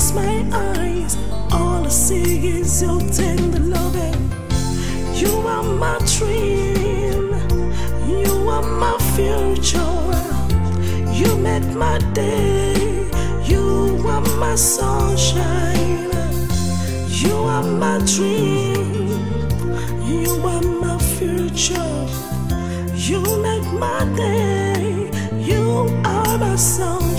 close my eyes, all I see is your tender loving. You are my dream, you are my future. You make my day, you are my sunshine. You are my dream, you are my future. You make my day, you are my song.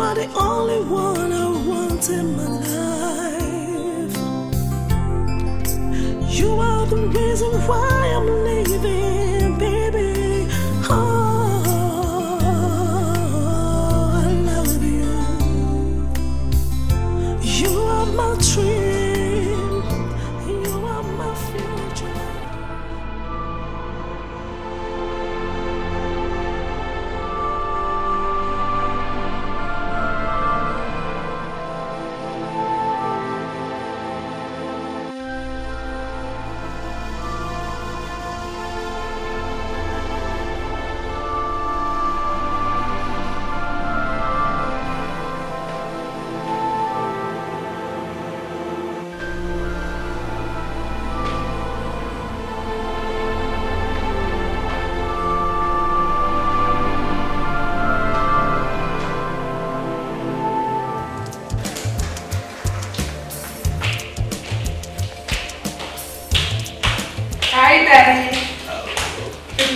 are the only one I want in my life. You are the reason why I'm living.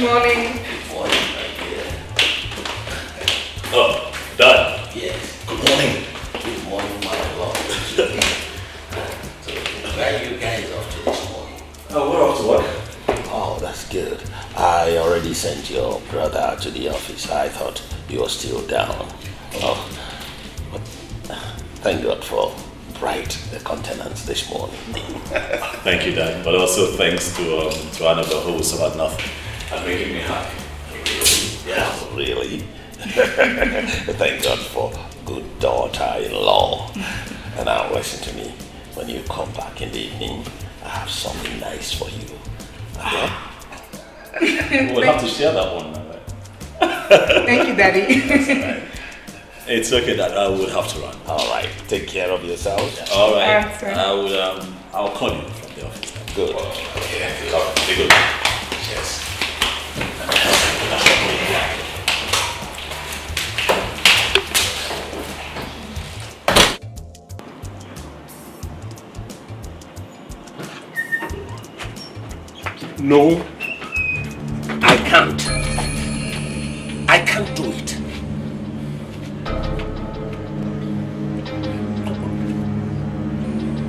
morning. Good morning, my dear. Oh, done. Yes. Good morning. Good morning, my lord. so, where are you guys off to this morning? Oh, we're off to work. Oh, that's good. I already sent your brother to the office. I thought you were still down. Oh, but uh, thank God for bright the uh, countenance this morning. Thank you, Dan. But also thanks to um, to Annabelle who was about nothing. I'm making me happy. Yeah, really. Thank God for good daughter-in-law. And now listen to me. When you come back in the evening, I have something nice for you. Okay? we'll have to share that one. Thank you, Daddy. It's okay that I will have to run. All right. Take care of yourself. Yeah. All right. Yeah, I will. Um, I'll call you from the office. Good. Good. No, I can't. I can't do it.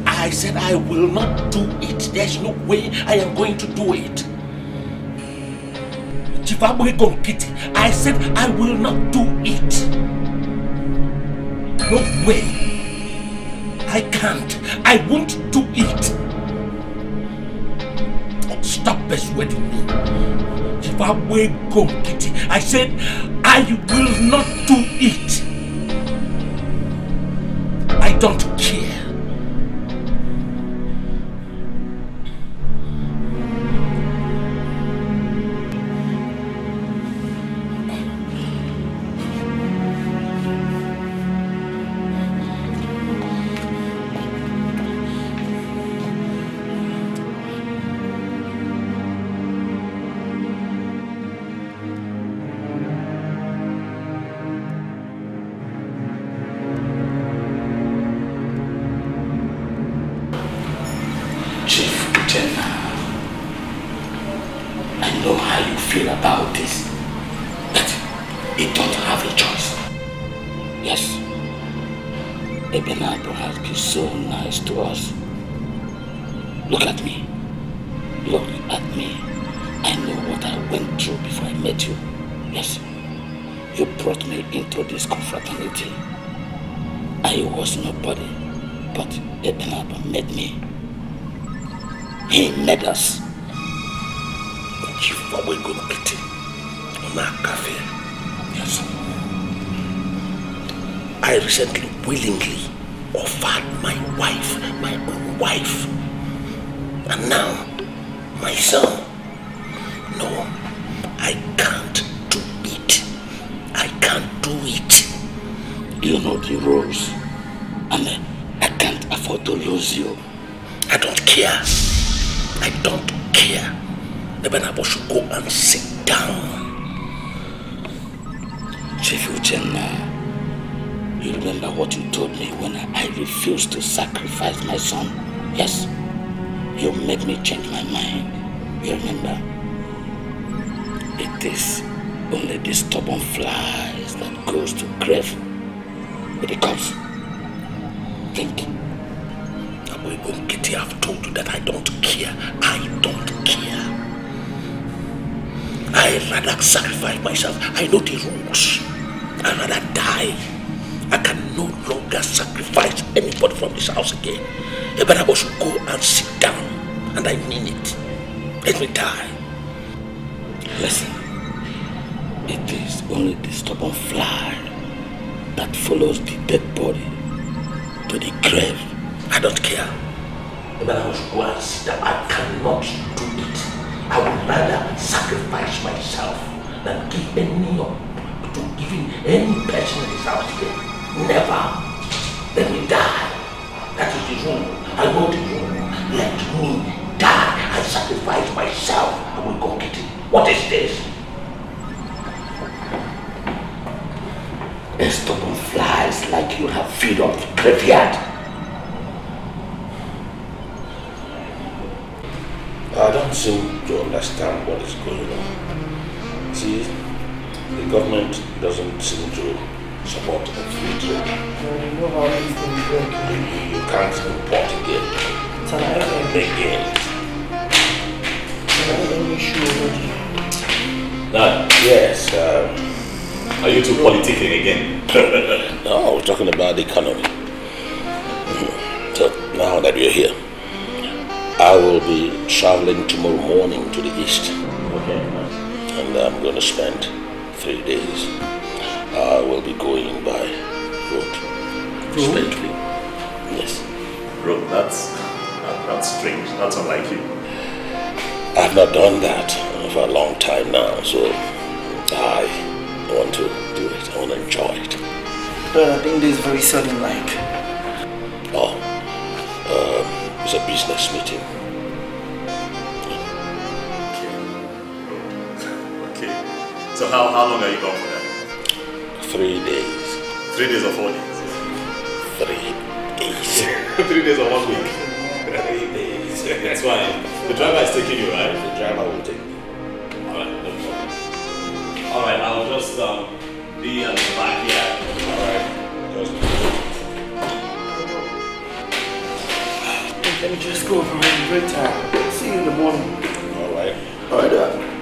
I said I will not do it. There's no way I am going to do it. I said I will not do it. No way. I can't. I won't do it persuade me. If I wake go, Kitty, I said, I will not do it. I don't only the stubborn fly that follows the dead body to the grave. I don't care. But I was once that I cannot do it. I would rather sacrifice myself than give any up to giving any person in this house here. Never. Let me die. That is the rule. I know the rule. Let me die. I sacrifice myself. I will go get it. What is this? and stubborn flies like you have feed on the graveyard. I don't seem to understand what is going on. See, the government doesn't seem to support a free trade. You, you can't import again. Again. Now, yes, um, are you two politicking again? no, I was talking about the economy. So now that we are here, I will be traveling tomorrow morning to the east. Okay. And I'm going to spend three days. I will be going by road. Road? Spendly. Yes. Road, that's, that's strange. That's unlike you. I've not done that for a long time now, so I I want to do it. I want to enjoy it. But I think this is very sudden, like. Oh, um, it's a business meeting. Okay. okay. So how, how long are you gone for that? Three days. Three days or four days? Three days. Three days or one week? Three days. That's why. The driver is taking you, right? The driver will take Alright, I'll just um, be on the back here. Alright. Let me just go for a good time. See you in the morning. Alright. Alright, uh.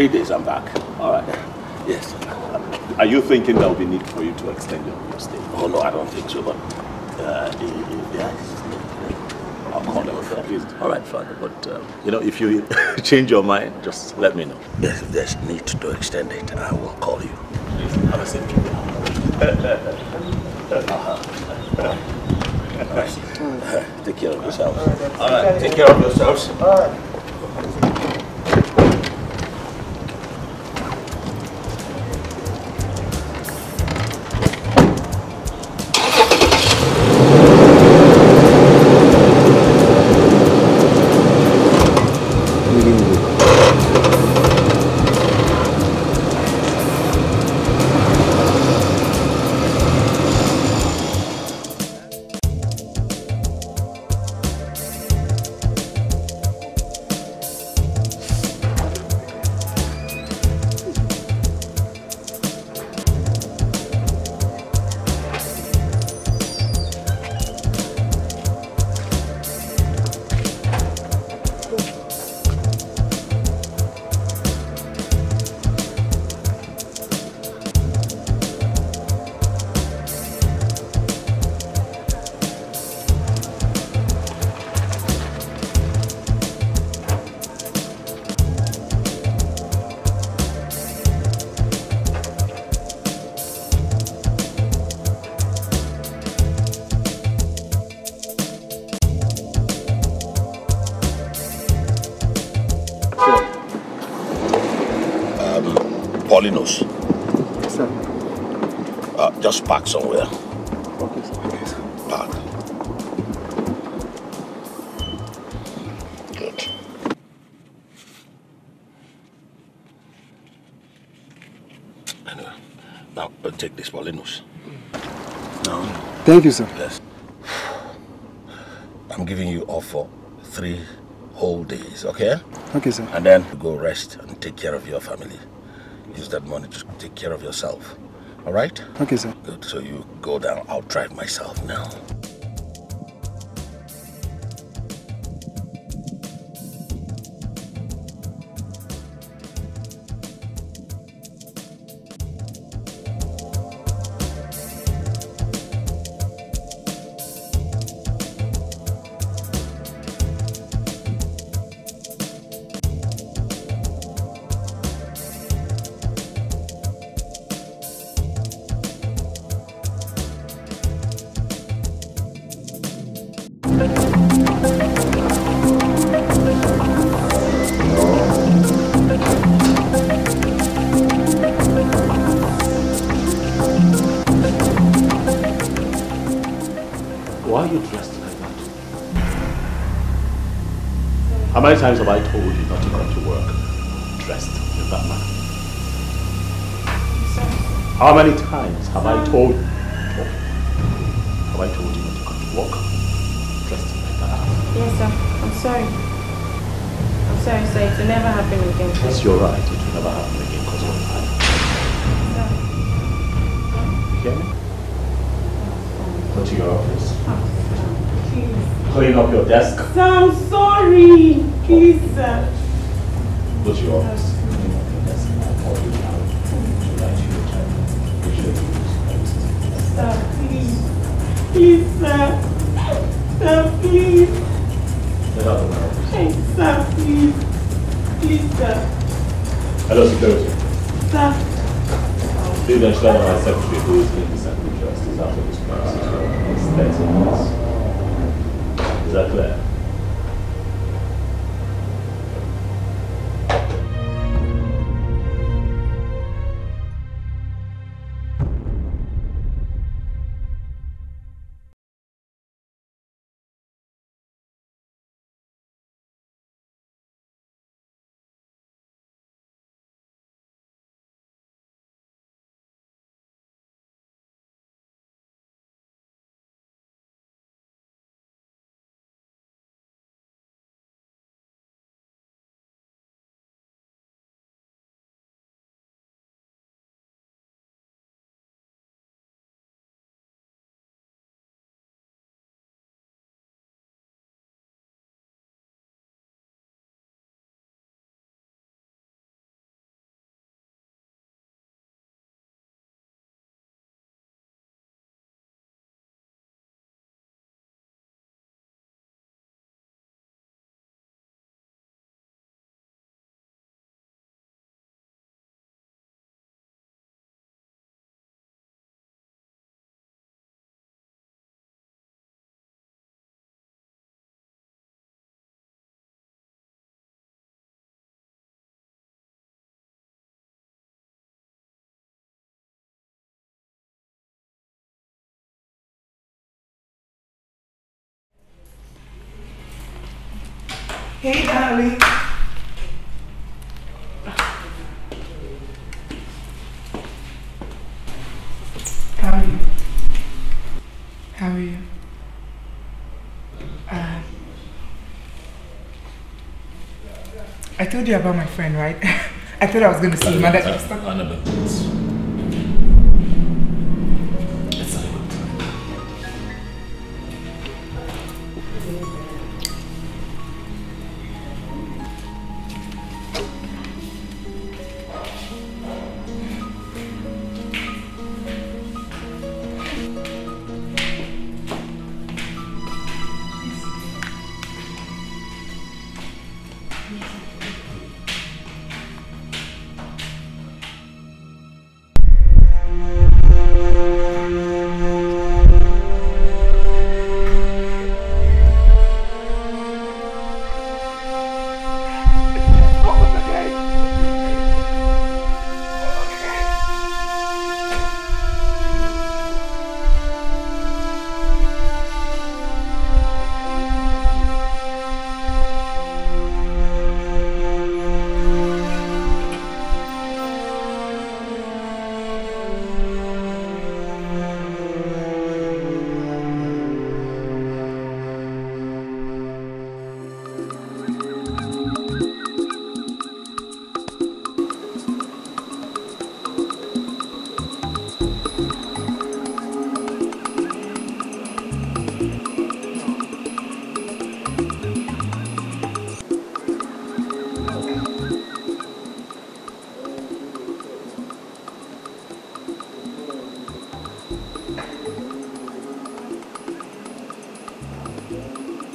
three days, I'm back. All right. Yes. Are you thinking there will be need for you to extend your stay? Oh, no, I don't think so, but uh, is I'll call them. Please. All right, Father, but, um, you know, if you change your mind, just let me know. Yes, if there's need to extend it, I will call you. Please, have a seat. Take care of yourselves. All right, take care of yourselves. All right. Thank you, sir. Yes. I'm giving you off for three whole days, okay? Okay, sir. And then go rest and take care of your family. Use that money to take care of yourself. All right? Okay, sir. Good. So you go down. I'll drive myself now. I told you that you to work. walk, dressed like that. Yes, sir. I'm sorry. I'm sorry, sir. It will never happen again. Yes, you're right. It will never happen again because of time. Yeah. You hear me? Go to your office. Oh, Clean up your desk. I'm sorry. Please, sir. Go to your office. Clean up your desk. I'll call you now. Tonight, you you. Sir. Please, sir. Sir, please. Hey, sir, please. Please, sir. Hello, security. Sir. Please ensure that my secretary who is in this and is after this process. It's 30 minutes. Is that clear? Hey, darling. How are you? How are you? Uh, I told you about my friend, right? I thought I was going to see him. Annabelle.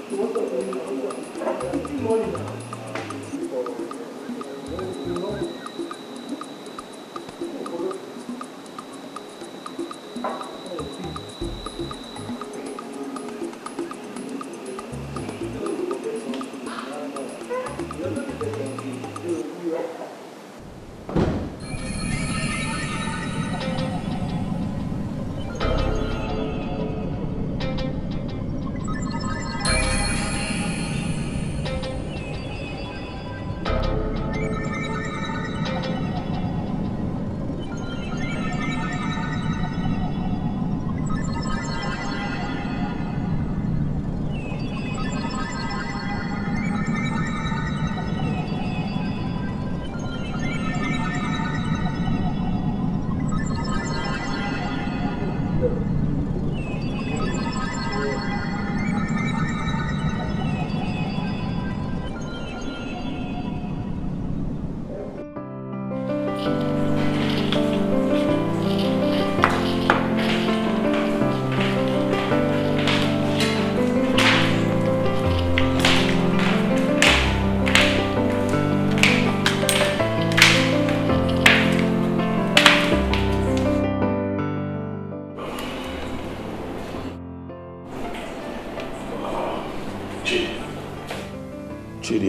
Thank you.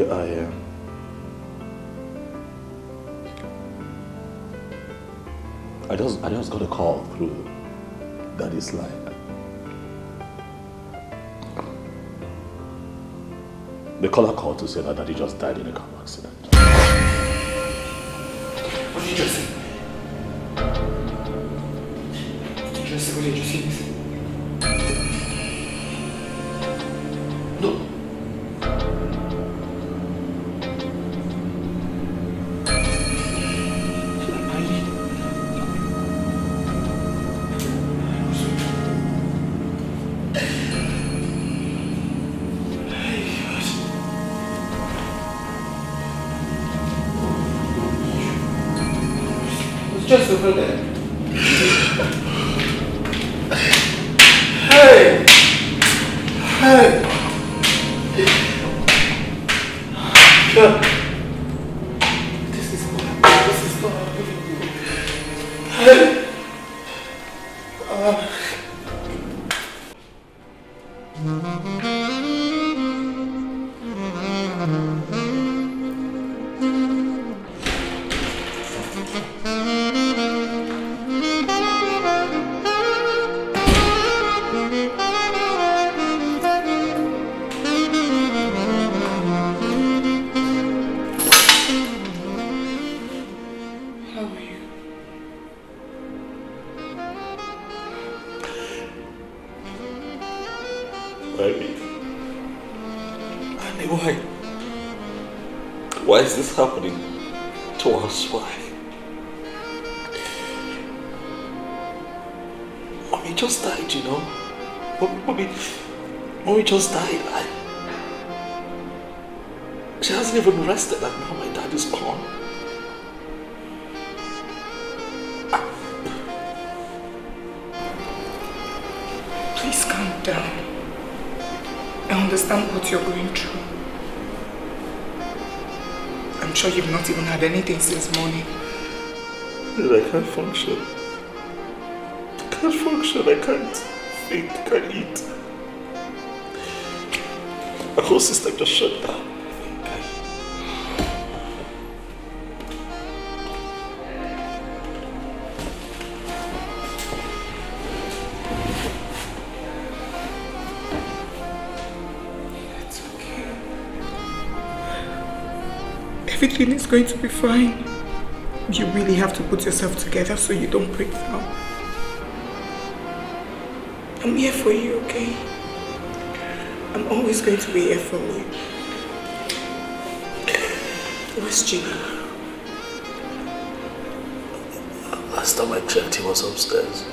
I am. Uh, I just I just got a call through Daddy's line. The caller called to say that Daddy just died in a car for that. coisas, não. Everything is going to be fine. You really have to put yourself together so you don't break down. I'm here for you, okay? I'm always going to be here for you. Where's Jimmy? Last time I checked, he was upstairs.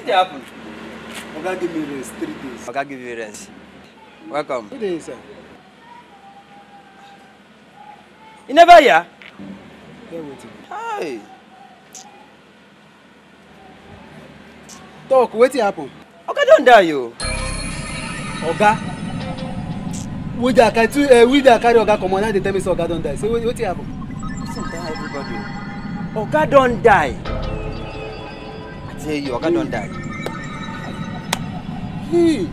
Wetin dey happen? Oga give me rest three days. Oga give you rest. Welcome. Good day, sir. You never hear? Yeah, waiting. Hi. Talk, wetin happen? Oga don die o. Oga? Wida carry two uh, Wida carry Oga comot now dey tell me say Oga don die. So wetin happen? Oga don die tell hmm. eh, eh, you, Oga don die. Hey,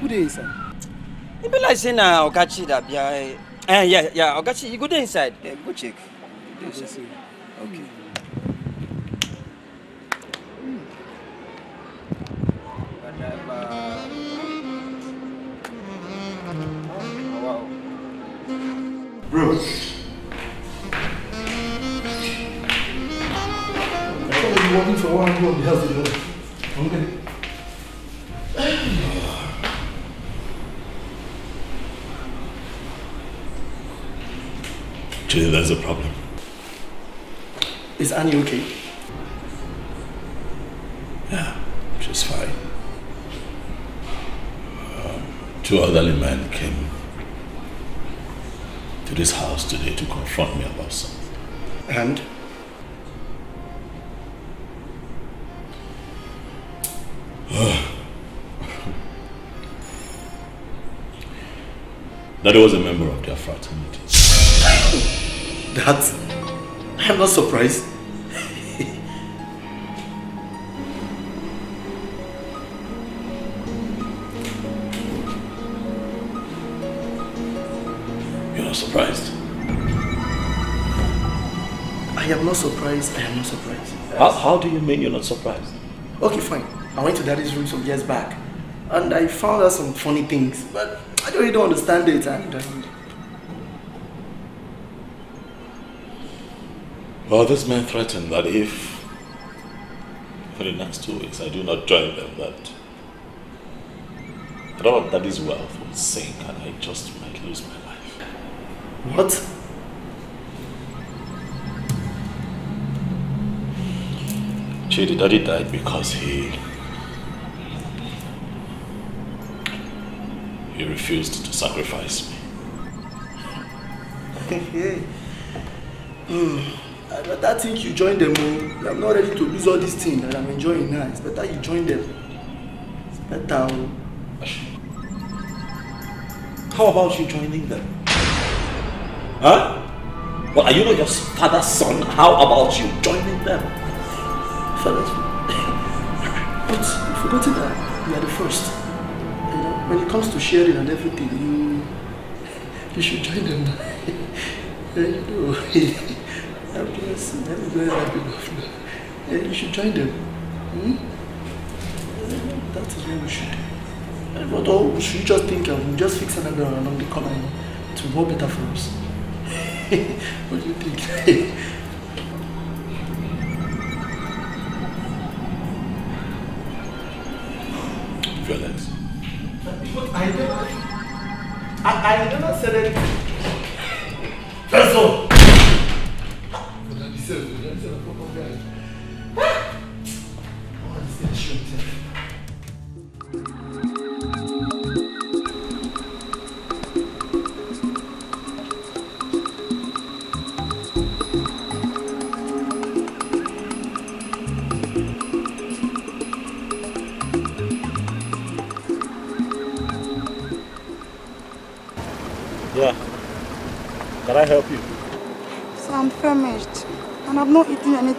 good inside? sir. It be like saying uh, Ogachi that be uh, uh, yeah, yeah, Ogachi, you go there inside. Yeah, go check. Go okay. See. Bro. வாங்கி ஒரு ஜாஸ்தி உங்களுக்கு Actually, there's a problem. Is Annie okay? Yeah, she's fine. Um, two elderly men came to this house today to confront me about something. And? that was a member of their fraternity. That? I'm not surprised. You're not surprised? I am not surprised. I am not surprised. How, how do you mean you're not surprised? Okay, fine. I went to daddy's room some years back and I found out some funny things, but I really don't understand it and um, Well, this man threatened that if for the next two weeks I do not join them, that that all of daddy's wealth would sink and I just might lose my life. What? Chidi, daddy died because he refused to sacrifice me. mm. I better think you join them. Oh. I'm not ready to lose all these things that I'm enjoying now. It's better you join them. It's better. Oh. How about you joining them? Huh? Well, are you not your father's son? How about you joining them? Father's But you've forgotten that you are the first. when it comes to sharing and everything, you, you should join them. Eh, you know, I'm just, I'm very happy enough now. You should join them. Hmm? That is what we should do. But all we should just think of, we'll just fix another one. around the corner to work better for us. what do you think? Felix. I don't. I, I not say anything.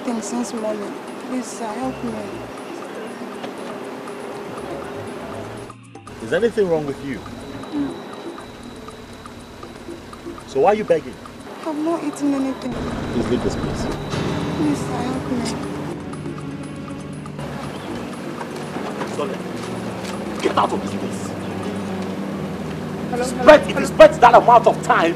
nothing since morning. Please, sir, uh, help me. Is anything wrong with you? No. Hmm. So why are you begging? I've not eaten anything. Please leave this place. Please, sir, uh, help me. Sorry. Get out of this place. Hello, hello, spend, hello. Spend that amount of time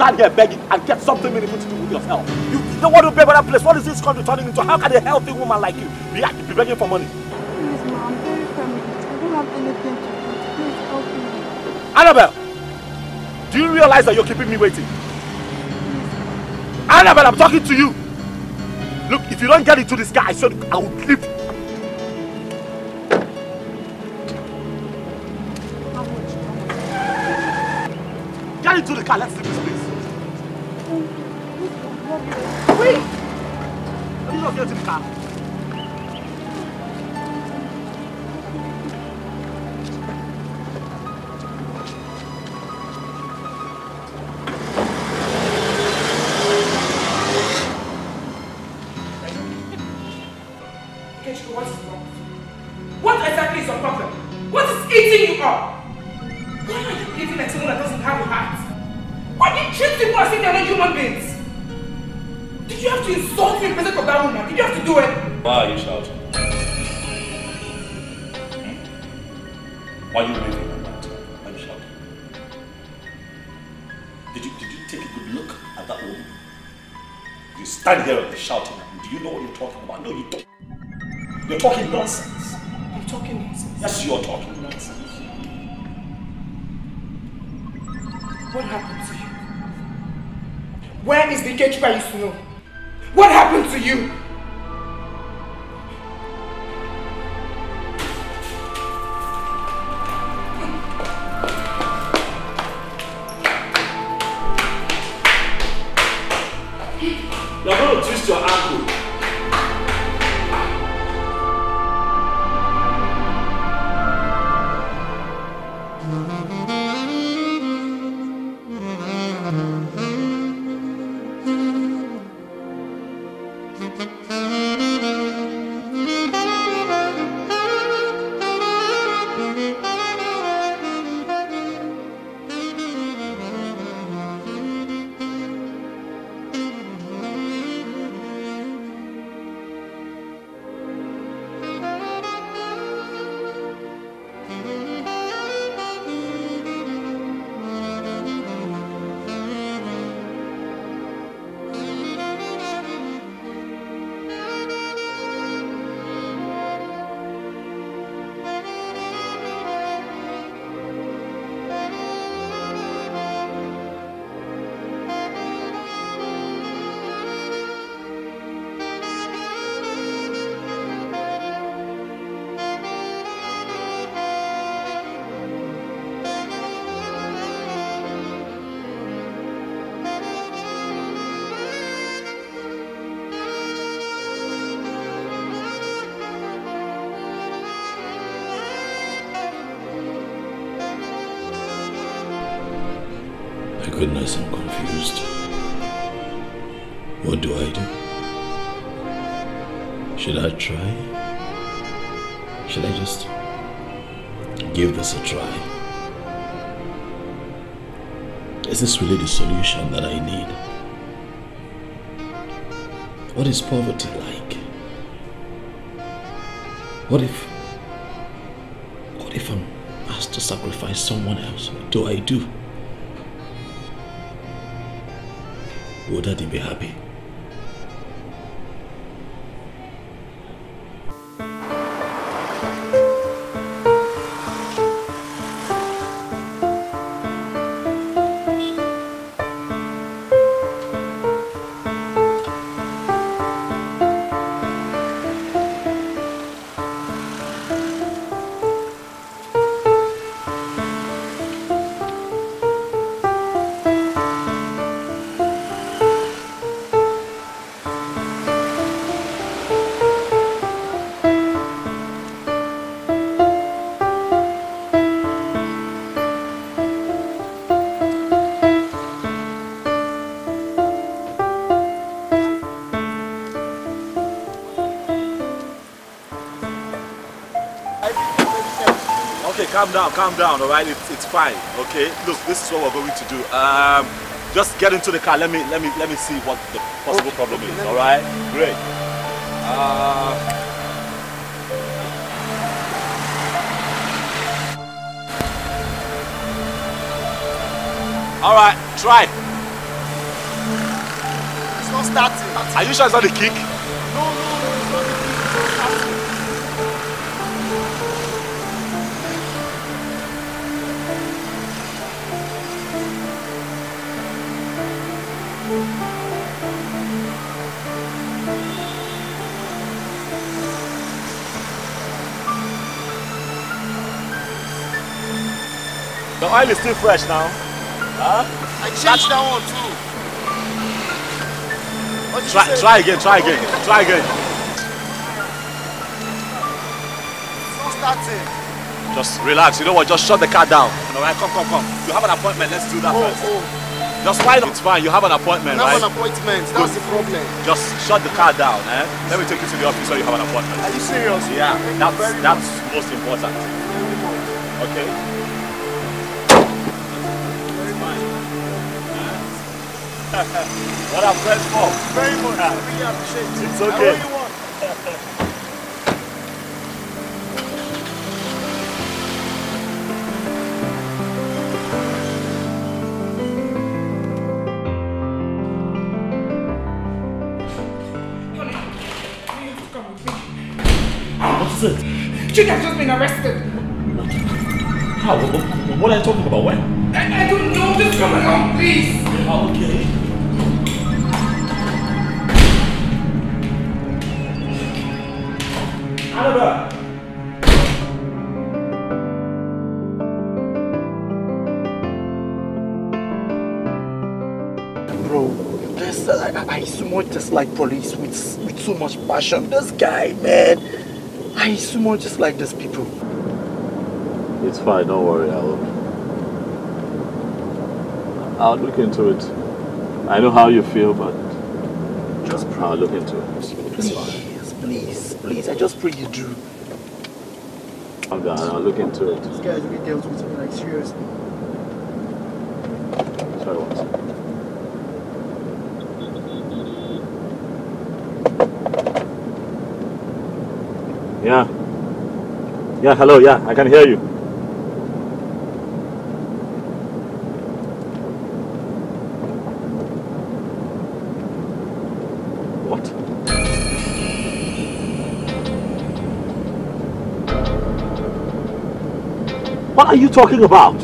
stand there begging and get something meaningful to do with yourself. You, don't want to be a better place. What is this country turning into? How can a healthy woman like you be, be begging for money? Please, ma, I'm very feminine. I don't have anything to do. Please help me. Annabelle, do you realize that you're keeping me waiting? Annabelle, I'm talking to you. Look, if you don't get into this guy, I said I will leave Did you have to insult me in presence of that woman? Did you have to do it? Why are you shouting? Hmm? Why are you raving about that? Why are you shouting? Did you, did you take a good look at that woman? You stand here and shouting at Do you know what you're talking about? No, you don't. You're talking nonsense. I'm talking nonsense. Yes, you're talking nonsense. What happened to you? Where is the gatekeeper you used to know? What happened to you? goodness, I'm confused. What do I do? Should I try? Should I just give this a try? Is this really the solution that I need? What is poverty like? What if what if I'm asked to sacrifice someone else? What do I do? oder die BHB. calm down, calm down, all right? It's, it's fine, okay? Look, this is what we're going to do. Um, just get into the car. Let me, let me, let me see what the possible okay, problem okay, is, all right? Great. Uh, All right, try. It's not starting. Are you sure it's not the kick? The oil is still fresh now. Huh? I changed that one too. Try, try again, try again, try again. Starting. Just relax, you know what, just shut the car down. Alright, come, come, come. You have an appointment, let's do that oh, first. Oh. Just why It's fine, you have an appointment, I have right? an appointment, that's Good. the problem. Just shut the car down, eh? Let me take you to the office so you have an appointment. Are you serious? Yeah, that's, that's most important. Okay? what up, Fred Paul? Very much. Ah. We appreciate it. It's okay. How you want? What's it? Chick has just been arrested. What? How? What, what are you talking about? When? I, I don't know. Just come along, please. Oh, okay. Bro, this, I, I so much police with, with so much passion. This guy, man, I so much like these people. It's fine, don't worry, I'll, I'll look into it. I know how you feel, but just I'll look into it. Please, please. Please, I just pray you do. I'm gonna look into it. This guy's really dealt with me, like, serious. Sorry, one second. Yeah. Yeah, hello, yeah, I can hear you. What are you talking about?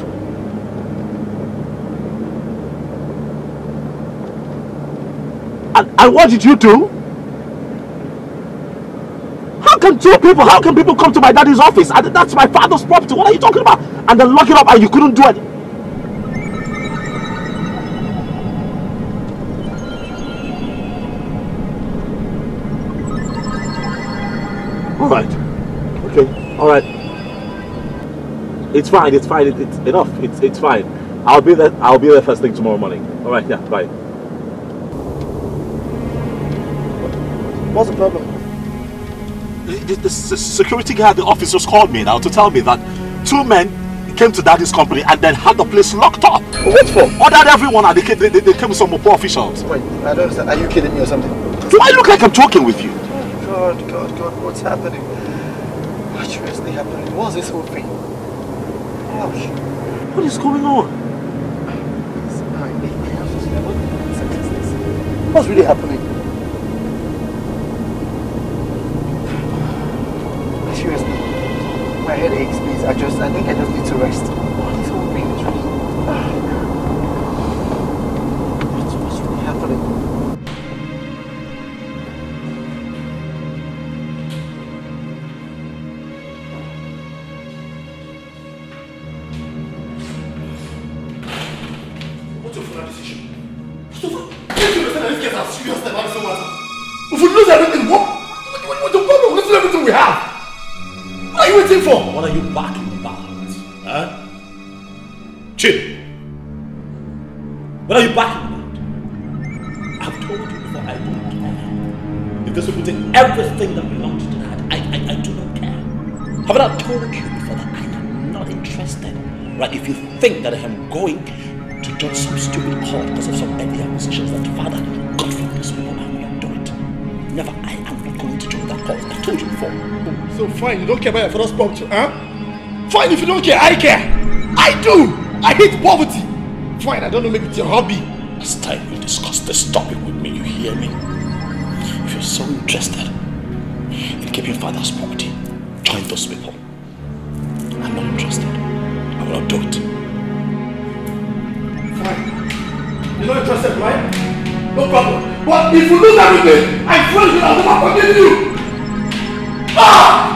And, and what did you do? How can two people, how can people come to my daddy's office? And that's my father's property. What are you talking about? And then lock it up and you couldn't do it. It's fine. It's fine. It, it's enough. It's it's fine. I'll be there. I'll be there first thing tomorrow morning. All right. Yeah. Bye. What's the problem? The, the, the security guy at the office just called me now to tell me that two men came to daddy's company and then had the place locked up. What for? Ordered everyone and they, they, they came with some poor officials. Wait, I don't understand. Are you kidding me or something? Do I look like I'm joking with you? Oh, God, God, God, what's happening? What's really happening? What's this whole thing? What is going on? What's really happening? Have I not told you before that I am not interested? Right, if you think that I am going to join some stupid cult because of some empty accusations that father, God for this people, I will not do it. Never, I am not going to join that cult. I told you before. so fine, you don't care about your father's poverty, huh? Fine, if you don't care, I care. I do. I hate poverty. Fine, I don't know, maybe it's your hobby. It's time you discuss this topic with me, you hear me? If you're so interested in keeping father's property, find those people. I'm not interested. I will not do it. Fine. You're not interested, right? No problem. But if you lose everything, I promise you I'll never forgive you. Ah!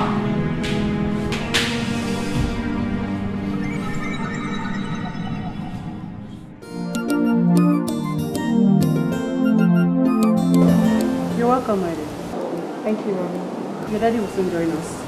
You're Welcome, my dear. Thank you, Mom. Your daddy will soon join us.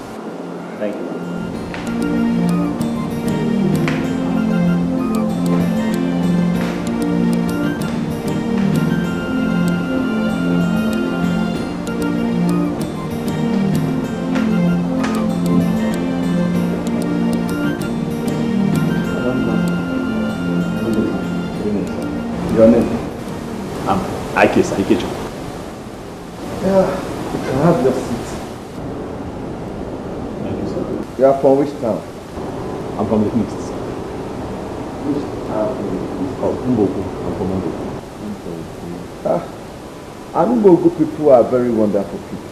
Enugu people are very wonderful people.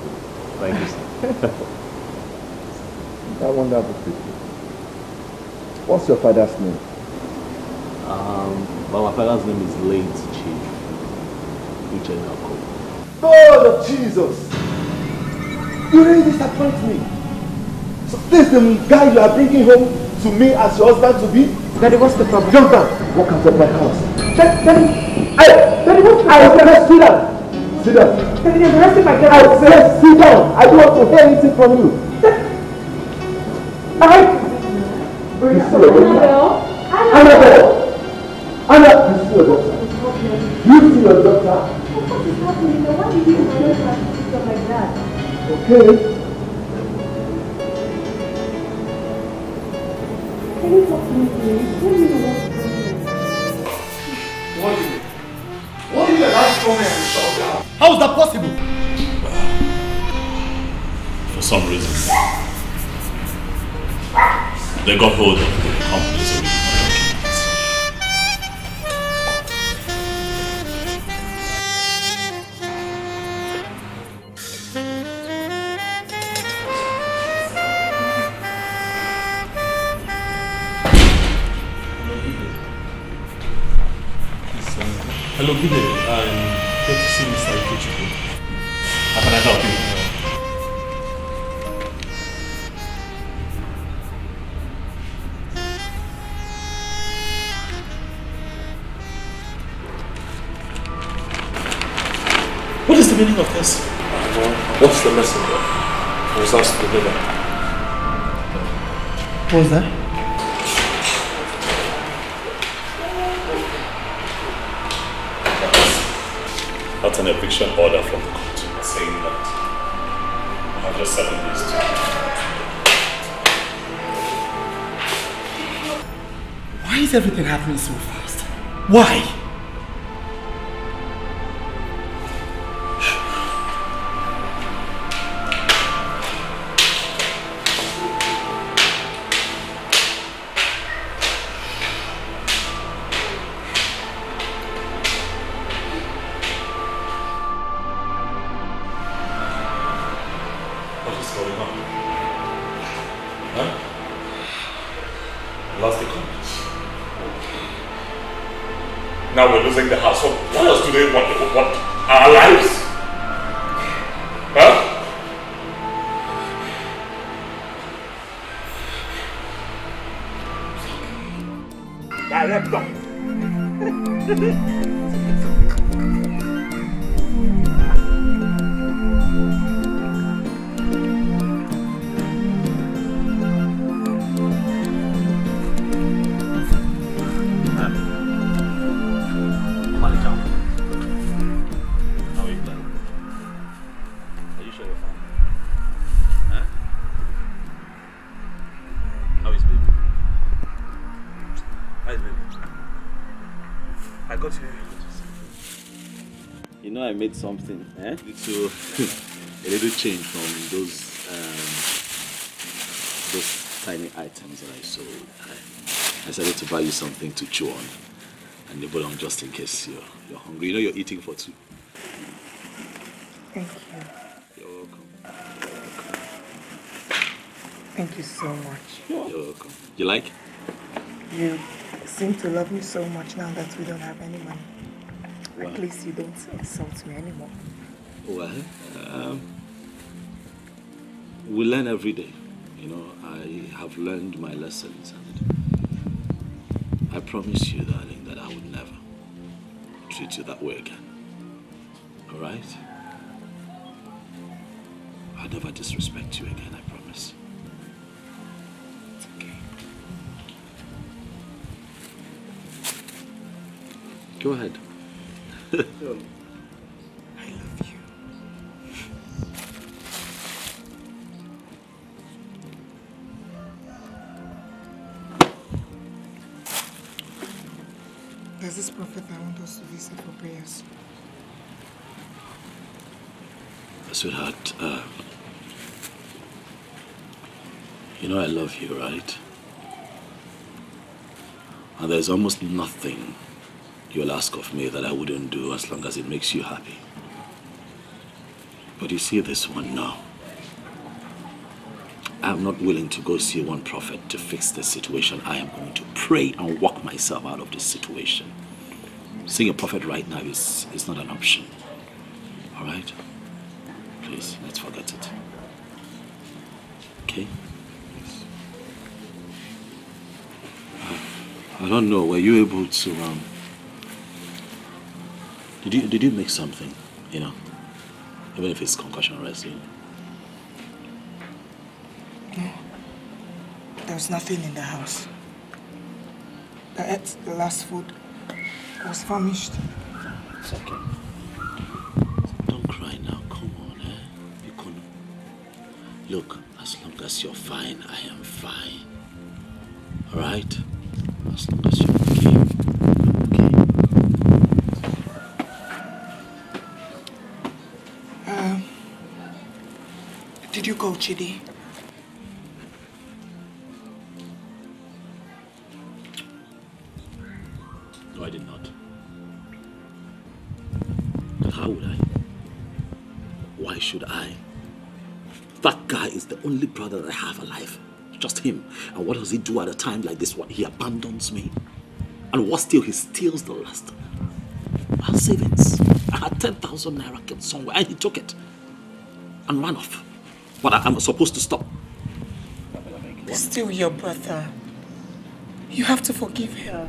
Thank you, sir. They're wonderful people. What's your father's name? Um, well, my father's name is late Chief Uche Nako. God of Jesus! You really disappoint me. So this is the guy you are bringing home to me as your husband to be? Daddy, what's the problem? Young man, walk out of my house. Daddy, I, Daddy, what? I have never stood up. Sit down. President, you're of my girl. I said sit down. I don't want to hear anything from you. I... Annabelle. Annabelle. Annabelle. You see your doctor. You see your doctor. What is happening? Why did you do something like that? Okay. Can you talk to me, please? Tell me what's going on. What do you mean? What do you mean? That's coming and shot. How is that possible? for some reason, they got hold of the company's original Hello, Gideon. he's the messenger. He was asked to deliver. What was that? That's an eviction order from the court saying that I have just seven days to. Why is everything happening so fast? Why? lost the community. Now we're losing the house. So what else do they want? They want our lives? Huh? Director. create something. Eh? Little, a little change from those um, those tiny items that I sold. I, decided to buy you something to chew on and nibble on just in case you're, you're hungry. You know you're eating for two. Thank you. You're welcome. You're welcome. Thank you so much. you're welcome. You like? You seem to love me so much now that we don't have any money. At least you don't assault me anymore. Well, um, we learn every day. You know, I have learned my lessons, and I promise you, darling, that I would never treat you that way again. All right? I'll never disrespect you again, I promise. It's okay. Go ahead. I love you. There's this prophet I want us to visit for prayers. Sweetheart, uh, you know I love you, right? And there's almost nothing You'll ask of me that I wouldn't do as long as it makes you happy. But you see this one now. I'm not willing to go see one prophet to fix this situation. I am going to pray and walk myself out of this situation. Seeing a prophet right now is, is not an option. All right? Please, let's forget it. Okay? I don't know. Were you able to um, did you did you make something? You know, even if it's concussion wrestling. No, there was nothing in the house. I ate the last food. I was famished. It's okay. Don't cry now. Come on, eh? Look, as long as you're fine, I am fine. All right. No, I did not. But how would I? Why should I? That guy is the only brother I have alive. Just him. And what does he do at a time like this What? He abandons me. And what still? He steals the last our savings. I had 10,000 naira kept somewhere and he took it and ran off. But I, am supposed to stop. Still your brother. You have to forgive her.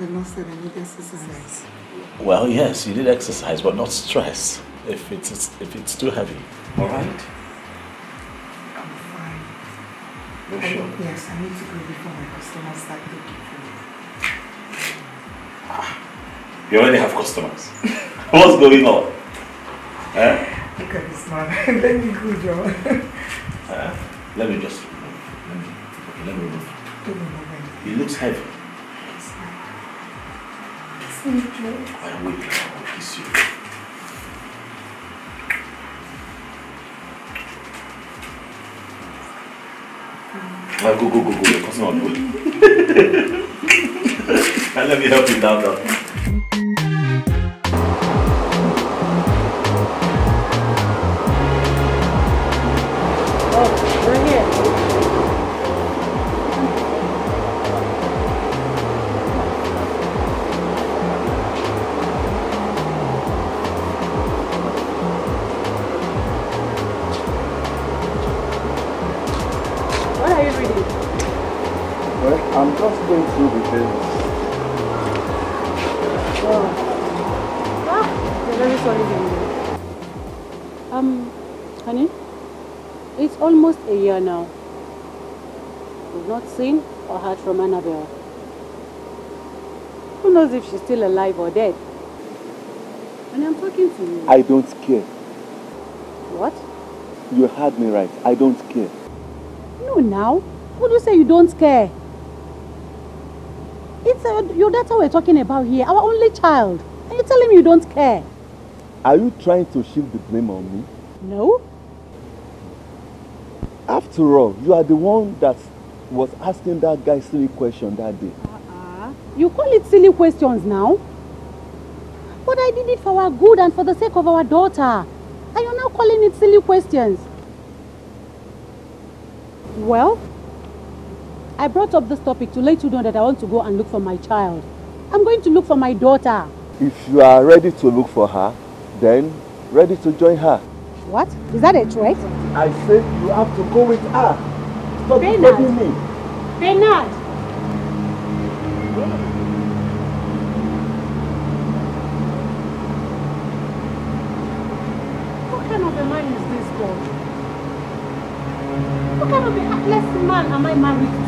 The nurse said I exercise. Well, yes, you need exercise, but not stress if it's, if it's too heavy. All right? I'm fine. you sure? Yes, I need to go before my customers start looking for me. Ah, you already have customers. What's going on? Eh? Look at this man. let me go, John. eh? Let me just remove. Let me, okay, let me remove. He looks heavy. Thank you. I will. I will kiss you. Ah, go, go, go, go. That's not good. I let me help you down, down. knows if she's still alive or dead? And I'm talking to you. I don't care. What? You heard me right. I don't care. No, now. who do you say you don't care? It's uh, your daughter we're talking about here, our only child. And you tell him you don't care. Are you trying to shift the blame on me? No. After all, you are the one that was asking that guy silly question that day. You call it silly questions now. But I did it for our good and for the sake of our daughter. Are you now calling it silly questions? Well, I brought up this topic to let you know that I want to go and look for my child. I'm going to look for my daughter. If you are ready to look for her, then ready to join her. What? Is that a threat? I said you have to go with her. Stop Bernard. me. Bernard! my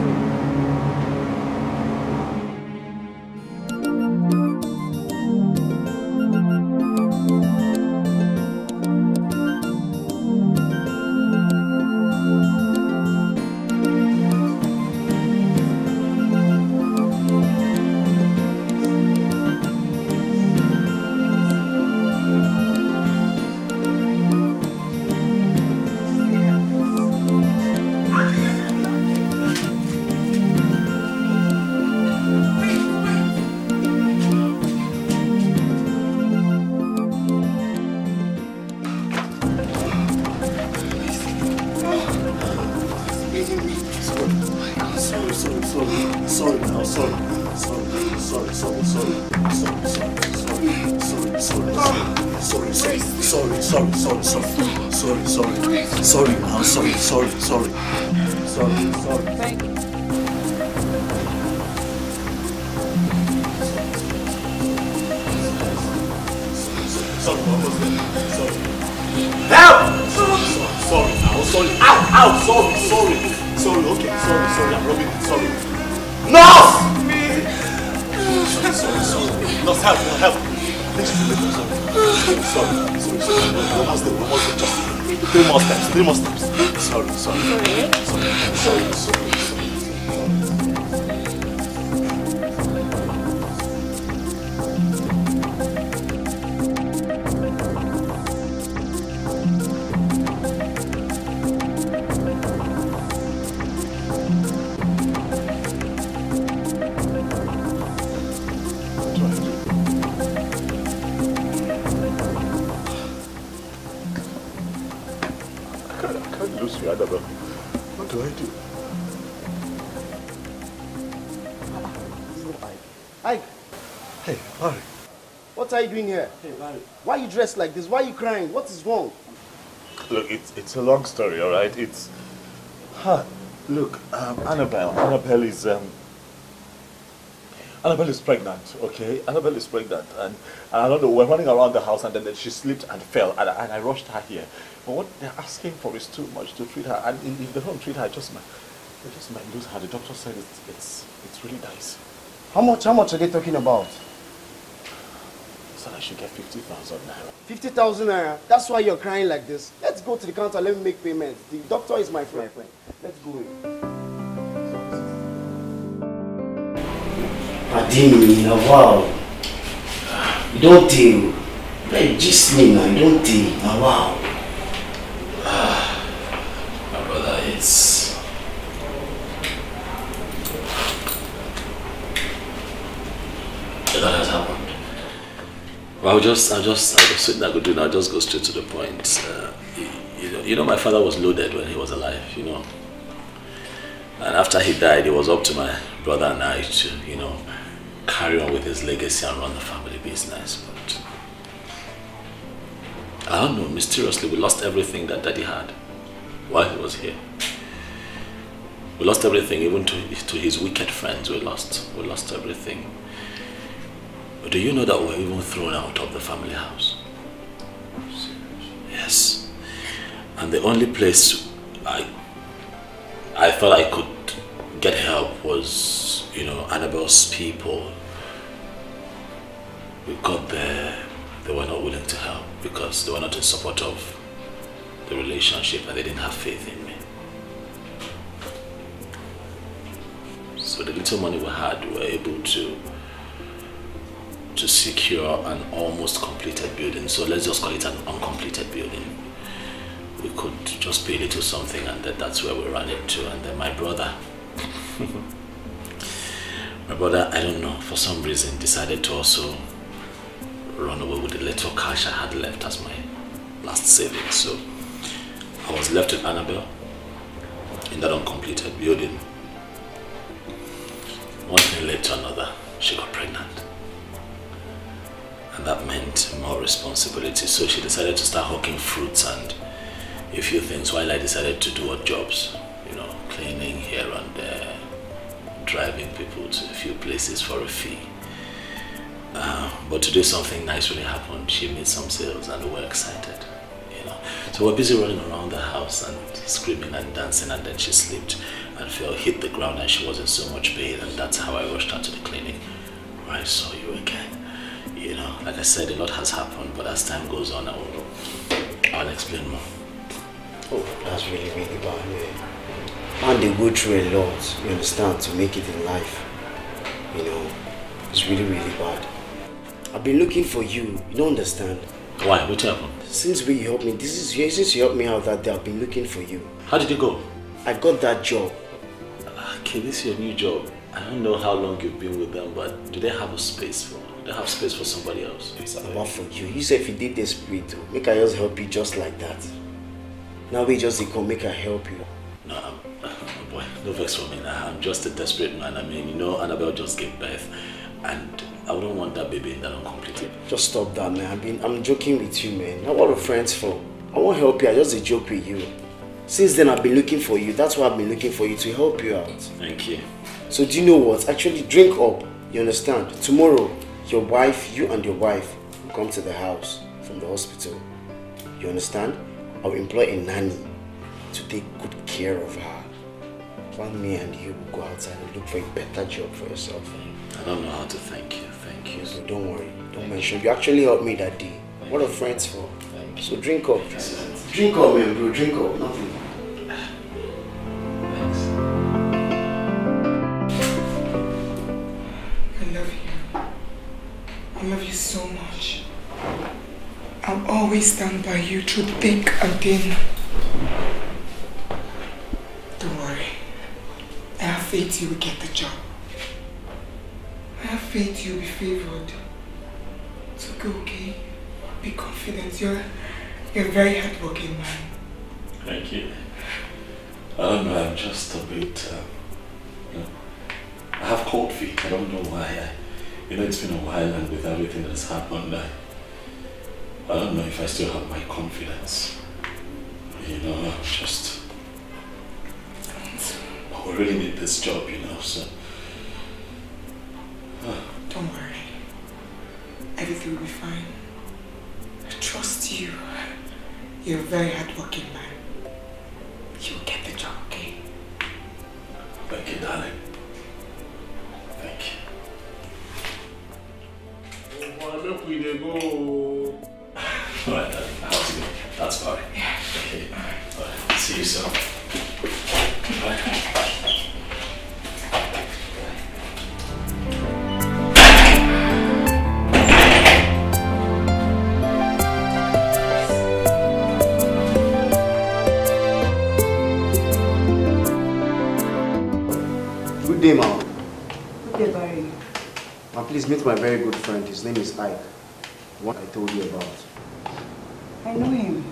What are you doing here? Hey, Barry. Why are you dressed like this? Why are you crying? What is wrong? Look, it's, it's a long story, all right? It's... Huh. Look, um, Annabelle. Annabelle is... Um, Annabelle is pregnant, okay? Annabelle is pregnant, and, and I don't know, we're running around the house, and then, then she slipped and fell, and, and I rushed her here. But what they're asking for is too much to treat her, and if they don't treat her, I just might, they just might lose her. The doctor said it's, it's, it's really nice. How much, how much are they talking about? I should get 50,000 naira. 50,000 naira? That's why you're crying like this. Let's go to the counter, let me make payment. The doctor is my friend. Let's go in. Adini, now wow. You don't think. Let just me now, you don't think. Ah, wow. My brother, it's... That has happened. I'll just, I'll just, I'll just sit there, go do I'll just go straight to the point. Uh, you, know, you know, my father was loaded when he was alive, you know. And after he died, it was up to my brother and I to, you know, carry on with his legacy and run the family business. But I don't know, mysteriously, we lost everything that daddy had while he was here. We lost everything, even to, to his wicked friends, we lost. We lost everything do you know that we were even thrown out of the family house? Yes. And the only place I, I felt I could get help was, you know, Annabelle's people. We got there, they were not willing to help because they were not in support of the relationship and they didn't have faith in me. So the little money we had, we were able to to secure an almost completed building. So let's just call it an uncompleted building. We could just pay a little something and then that's where we ran into. And then my brother, my brother, I don't know, for some reason decided to also run away with the little cash I had left as my last savings. So I was left with Annabelle in that uncompleted building. One thing led to another. She got pregnant and that meant more responsibility. So she decided to start hawking fruits and a few things while I decided to do odd jobs, you know, cleaning here and there, driving people to a few places for a fee. Uh, but today something nice really happened. She made some sales and we were excited, you know. So we're busy running around the house and screaming and dancing and then she slipped and fell, hit the ground and she was in so much pain and that's how I rushed out to the clinic where I saw you again you know, like I said, a lot has happened, but as time goes on, I will, I'll explain more. Oh, that's really, really bad. Yeah. And they go through a lot, you understand, to make it in life. You know, it's really, really bad. I've been looking for you. You don't understand. Why? What happened? Since we helped me, this is since you helped me out that day, I've been looking for you. How did you go? I got that job. Ah, okay, this is your new job. I don't know how long you've been with them, but do they have a space for don't have space for somebody else. It's about for you. You say if you did this do. make I just help you just like that. Now we just come, make I help you. No, I'm, oh boy, no vex for me now. I'm just a desperate man. I mean, you know, Annabelle just gave birth, and I wouldn't want that baby in that uncompleted. Just stop that, man. I mean, I'm joking with you, man. Now what are friends for? I won't help you. I just a joke with you. Since then, I've been looking for you. That's why I've been looking for you to help you out. Thank you. So do you know what? Actually, drink up. You understand? Tomorrow, your wife, you and your wife come to the house from the hospital. You understand? I'll employ a nanny to take good care of her. While me and you will go outside and look for a better job for yourself. I don't know how to thank you. Thank you. So don't worry. Don't thank mention. You. you actually helped me that day. Thank what are friends for? So drink up. Drink up, man, bro. Drink up. Nothing. I love you so much. I'll always stand by you through thick and thin. Don't worry. I have faith you will get the job. I have faith you'll be favored. It's okay, okay? Be confident. You're, you're a very hardworking man. Thank you. know. I'm just a bit, um, you know, I have cold feet. I don't know why. I, you know, it's been a while and with everything that's happened, I, I don't know if I still have my confidence. You know, I'm just... I really need this job, you know, so... Don't worry. Everything will be fine. I trust you. You're a very hardworking man. You'll get the job, okay? Thank you, darling. Thank you. Boy, we go. All right, then. How's it That's fine. Yeah. Okay. All right. See you soon. Good day, Mama please meet my very good friend. His name is Ike. What I told you about. I know him.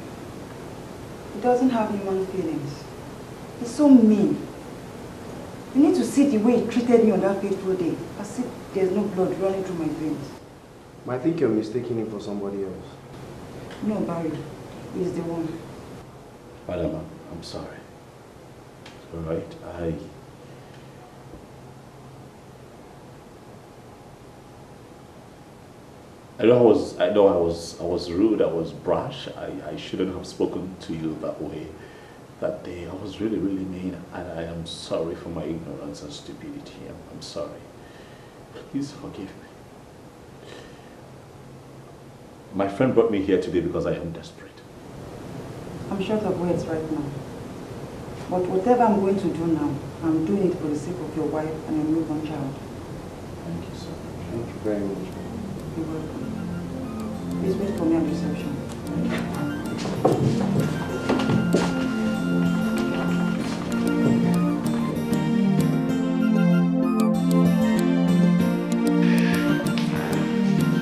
He doesn't have human feelings. He's so mean. You need to see the way he treated me on that fateful day. I see there's no blood running through my veins. I think you're mistaking him for somebody else. No, Barry. He's the one. Madam, I'm sorry. All right. I I know I was, I know I was, I was rude. I was brash. I, I shouldn't have spoken to you that way. That day, I was really, really mean, and I am sorry for my ignorance and stupidity. I'm, I'm sorry. Please forgive me. My friend brought me here today because I am desperate. I'm short of words right now. But whatever I'm going to do now, I'm doing it for the sake of your wife and your newborn child. Thank you so much. Thank you very much. Please wait for me at reception. Do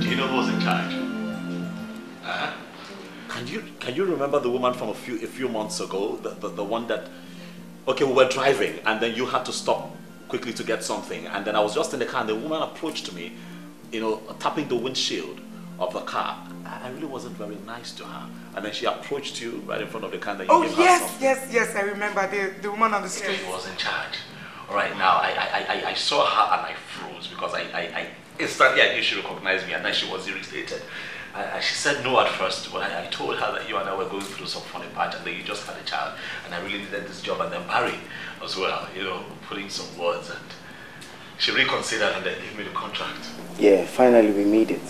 you know who's in charge? Uh-huh. can you can you remember the woman from a few a few months ago? The, the, the one that okay, we were driving and then you had to stop quickly to get something and then I was just in the car and the woman approached me you know, tapping the windshield of the car. I really wasn't very nice to her. And then she approached you right in front of the car. oh, yes, yes, yes, I remember the, the woman on the street. She was in charge. All right, now I, I, I, I saw her and I froze because I, I, I instantly I knew she recognized me and then she was irritated. I, she said no at first, but I, I, told her that you and I were going through some funny part and that you just had a child and I really needed this job and then Barry as well, you know, putting some words and she reconsidered and then gave me the contract. Yeah, finally we made it.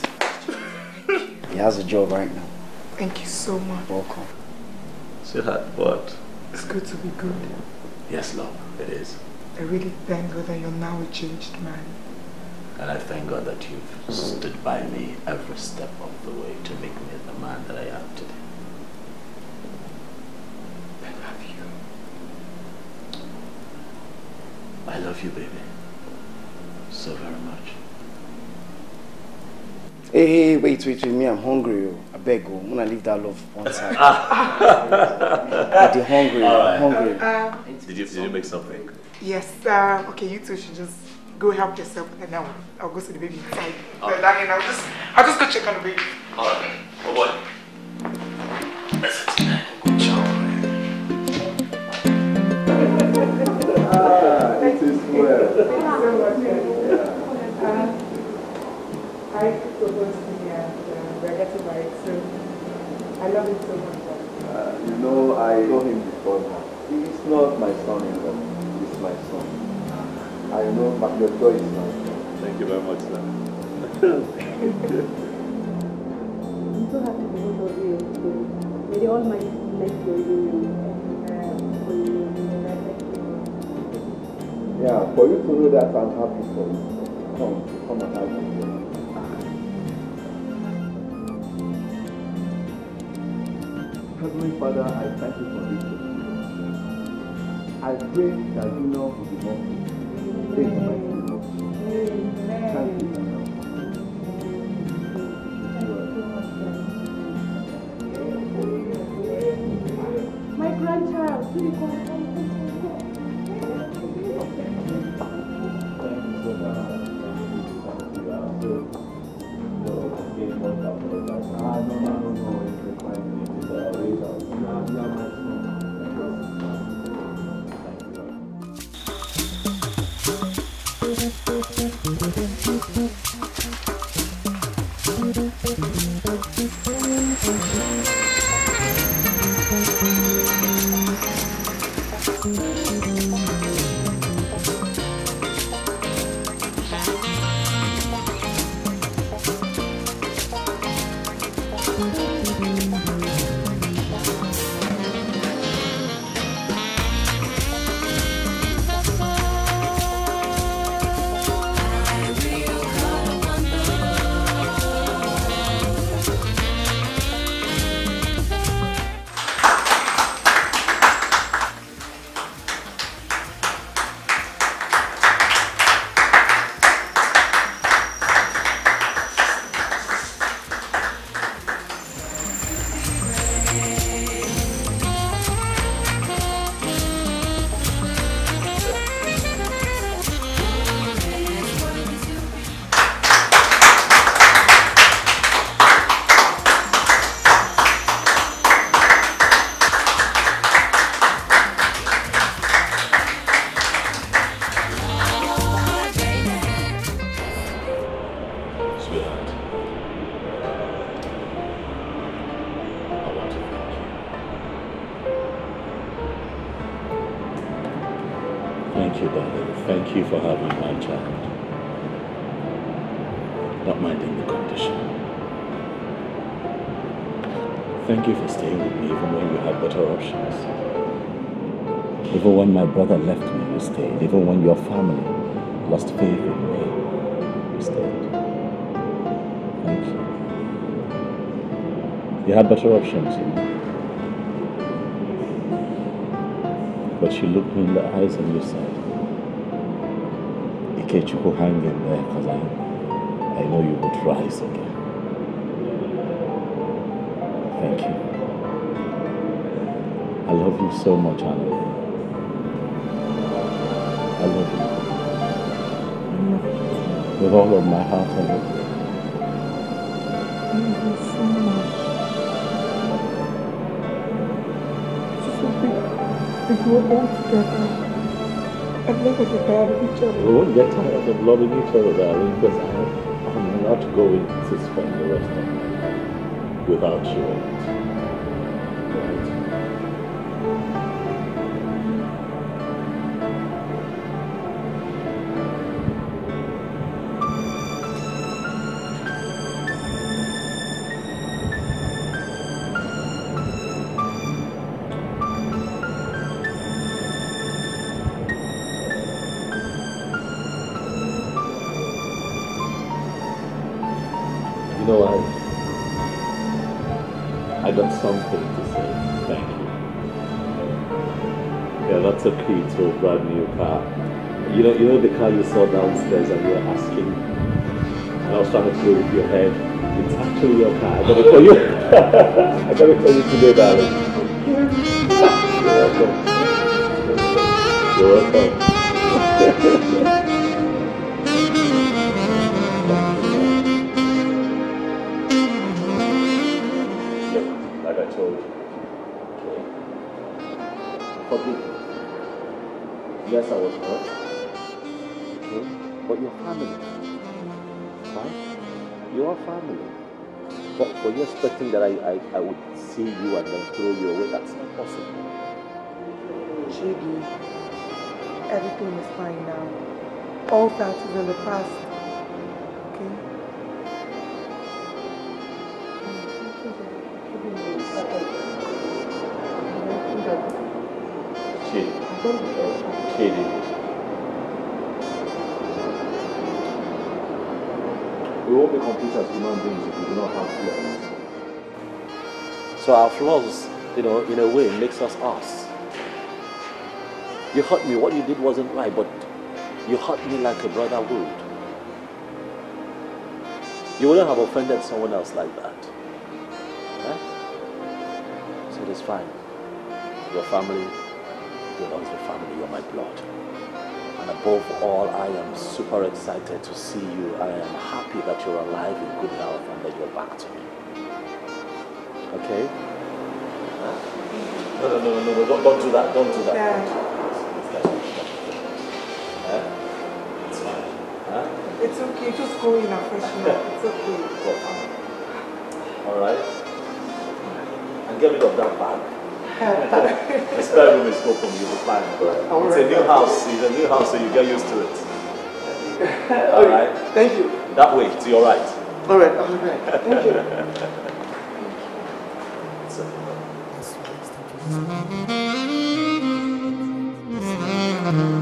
he has a job right now. Thank you so much. Welcome. Sweetheart, what? It's good to be good. Yes, love, it is. I really thank God that you're now a changed man. And I thank God that you've stood by me every step of the way to make me the man that I am today. I love you. I love you, baby so very much. Hey, hey, wait, wait, wait, me, I'm hungry. Oh. I beg you, oh, I'm gonna leave that love one side. Ah. I'm hungry, right. hungry. Uh, um, did, you, did you make something? Yes, Uh, okay, you two should just go help yourself and now. I'll, I'll go see the baby inside. I'll just, I'll just go check on the baby. Alright, oh Good job. Ah, it is well. I propose to me and uh, we're getting married soon. Um, I love him so much. Uh, you know, I know him before now. He is not my son-in-law. He is my son. I know but your boy is my son. Thank you very much, sir. I'm so happy to be with you today. May the Almighty bless your uh, you. Yeah, for you to know that I'm happy for you. Come, come and have me. Heavenly Father, I thank you for this I pray that you know who be more Thank you. My grandchild, please come. Thank you. resurrections options, But she looked me in the eyes and she said, Ikechukwu, hang in there because I, I know you would rise again. Thank you. I love you so much, Anna. I love you. With all of my heart and everything. Thank you so much. We grow old together and never get tired of each other. We won't get tired of loving each other, darling, because I, I'm not going to spend the rest of my life without you. you know, you know the car you saw downstairs and you were asking, and I was trying to play with your head. It's actually your car. I gotta call you. I gotta call you today, darling. You're welcome. You're welcome. Yes, I was hurt. family. But were you expecting that I, I, I would see you and then throw you away, that's not possible. Chiggy, everything is fine now. All that is in the past. Okay? Chidi. Chidi. accomplish as human beings if we do not have flaws? So our flaws, you know, in a way makes us us. You hurt me, what you did wasn't right, but you hurt me like a brother would. You wouldn't have offended someone else like that. Right? So it is fine. Your family belongs to family, you're my blood. And above all, I am super excited to see you. I am happy that you're alive in good health and that you're back to me. Okay? No, no, no, no, no, don't, don't do that, don't do that. Yeah. It's fine. Huh? It's okay, just go in and freshen up. It's okay. Alright? And get rid of that bag the spare room is open, you'll be It's a new house, it's a new house, so you get used to it. All right. Thank you. That way, to your right. All right, all right. Thank you. Thank you.